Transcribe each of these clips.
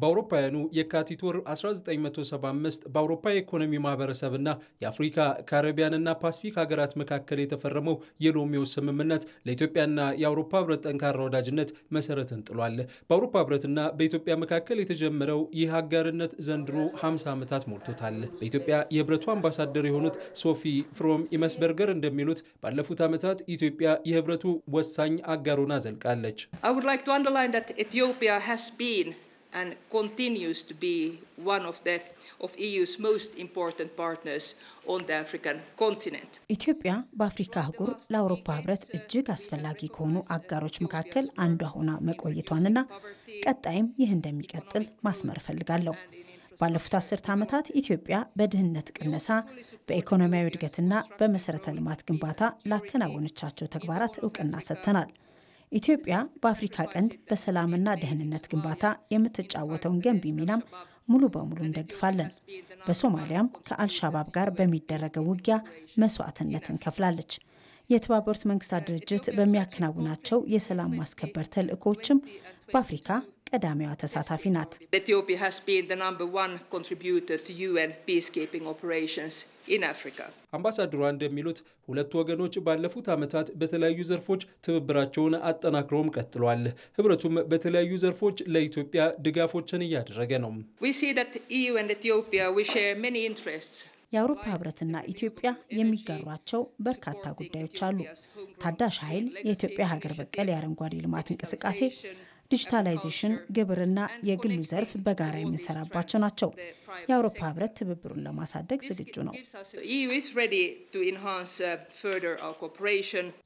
በአውሮፓውያኑ የካቲት ወር 1975 በአውሮፓ የኢኮኖሚ ማህበረሰብና የአፍሪካ ካሪቢያንና ፓስፊክ ሀገራት መካከል የተፈረመው የሎሚው ስምምነት ለኢትዮጵያና የአውሮፓ ህብረት ጠንካራ ወዳጅነት መሰረትን ጥሏል። በአውሮፓ ህብረትና በኢትዮጵያ መካከል የተጀመረው ይህ አጋርነት ዘንድሮ 50 ዓመታት ሞልቶታል። በኢትዮጵያ የህብረቱ አምባሳደር የሆኑት ሶፊ ፍሮም ኢመስበርገር እንደሚሉት ባለፉት ዓመታት ኢትዮጵያ የህብረቱ ወሳኝ አጋሩን አዘልቃለች። and continues to be one of the of EU's most important partners on the African continent. ኢትዮጵያ በአፍሪካ አህጉር ለአውሮፓ ህብረት እጅግ አስፈላጊ ከሆኑ አጋሮች መካከል አንዷ ሆና መቆየቷንና ቀጣይም ይህ እንደሚቀጥል ማስመር እፈልጋለሁ። ባለፉት አስርተ ዓመታት ኢትዮጵያ በድህነት ቅነሳ፣ በኢኮኖሚያዊ እድገትና በመሰረተ ልማት ግንባታ ላከናወነቻቸው ተግባራት እውቅና ሰጥተናል። ኢትዮጵያ በአፍሪካ ቀንድ በሰላምና ደህንነት ግንባታ የምትጫወተውን ገንቢ ሚናም ሙሉ በሙሉ እንደግፋለን። በሶማሊያም ከአልሻባብ ጋር በሚደረገው ውጊያ መስዋዕትነት እንከፍላለች። የተባበሩት መንግስታት ድርጅት በሚያከናውናቸው የሰላም ማስከበር ተልዕኮችም በአፍሪካ ቀዳሚዋ ተሳታፊ ናት። አምባሳደሯ እንደሚሉት ሁለቱ ወገኖች ባለፉት ዓመታት በተለያዩ ዘርፎች ትብብራቸውን አጠናክረውም ቀጥሏል። ህብረቱም በተለያዩ ዘርፎች ለኢትዮጵያ ድጋፎችን እያደረገ ነው። e የአውሮፓ ህብረትና ኢትዮጵያ የሚጋሯቸው በርካታ ጉዳዮች አሉ። ታዳሽ ኃይል፣ የኢትዮጵያ ሀገር በቀል የአረንጓዴ ልማት እንቅስቃሴ ዲጂታላይዜሽን፣ ግብርና የግሉ ዘርፍ በጋራ የሚሰራባቸው ናቸው። የአውሮፓ ህብረት ትብብሩን ለማሳደግ ዝግጁ ነው።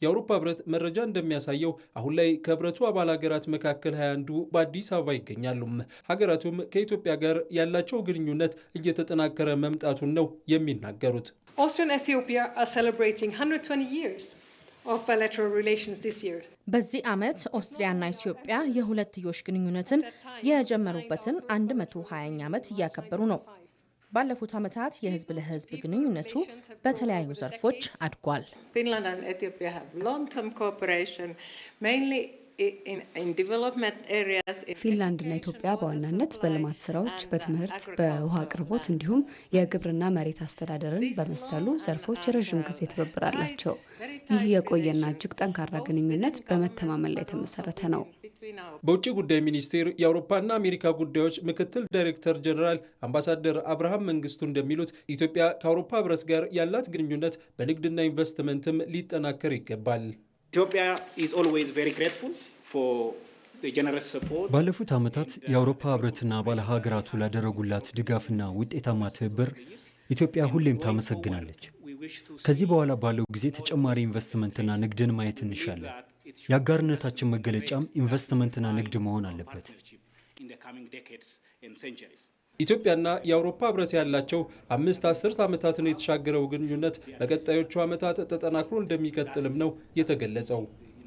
የአውሮፓ ህብረት መረጃ እንደሚያሳየው አሁን ላይ ከህብረቱ አባል ሀገራት መካከል ሀያ አንዱ በአዲስ አበባ ይገኛሉ። ሀገራቱም ከኢትዮጵያ ጋር ያላቸው ግንኙነት እየተጠናከረ መምጣቱን ነው የሚናገሩት። Austria and Ethiopia 120 years. በዚህ ዓመት ኦስትሪያና ኢትዮጵያ የሁለትዮሽ ግንኙነትን የጀመሩበትን 120ኛ ዓመት እያከበሩ ነው። ባለፉት ዓመታት የህዝብ ለህዝብ ግንኙነቱ በተለያዩ ዘርፎች አድጓል። ፊንላንድና ኢትዮጵያ በዋናነት በልማት ስራዎች፣ በትምህርት፣ በውሃ አቅርቦት እንዲሁም የግብርና መሬት አስተዳደርን በመሰሉ ዘርፎች የረዥም uh, ጊዜ ትብብር አላቸው። ይህ የቆየና እጅግ ጠንካራ ግንኙነት በመተማመን ላይ የተመሰረተ ነው። በውጭ ጉዳይ ሚኒስቴር የአውሮፓና አሜሪካ ጉዳዮች ምክትል ዳይሬክተር ጀኔራል አምባሳደር አብርሃም መንግስቱ እንደሚሉት ኢትዮጵያ ከአውሮፓ ህብረት ጋር ያላት ግንኙነት በንግድና ኢንቨስትመንትም ሊጠናከር ይገባል። ባለፉት ዓመታት የአውሮፓ ህብረትና ባለ ሀገራቱ ላደረጉላት ድጋፍና ውጤታማ ትብብር ኢትዮጵያ ሁሌም ታመሰግናለች። ከዚህ በኋላ ባለው ጊዜ ተጨማሪ ኢንቨስትመንትና ንግድን ማየት እንሻለን። የአጋርነታችን መገለጫም ኢንቨስትመንትና ንግድ መሆን አለበት። ኢትዮጵያና የአውሮፓ ህብረት ያላቸው አምስት አስርት ዓመታትን የተሻገረው ግንኙነት በቀጣዮቹ ዓመታት ተጠናክሮ እንደሚቀጥልም ነው የተገለጸው።